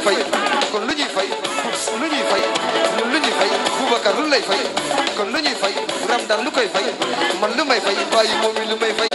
koy fay kon lu ñuy fay lu ñuy fay lu ñuy fay Boubacar lu lay fay kon lu ñuy fay Ramdan lu koy fay man lu may fay bàyyi moom mi lu may fay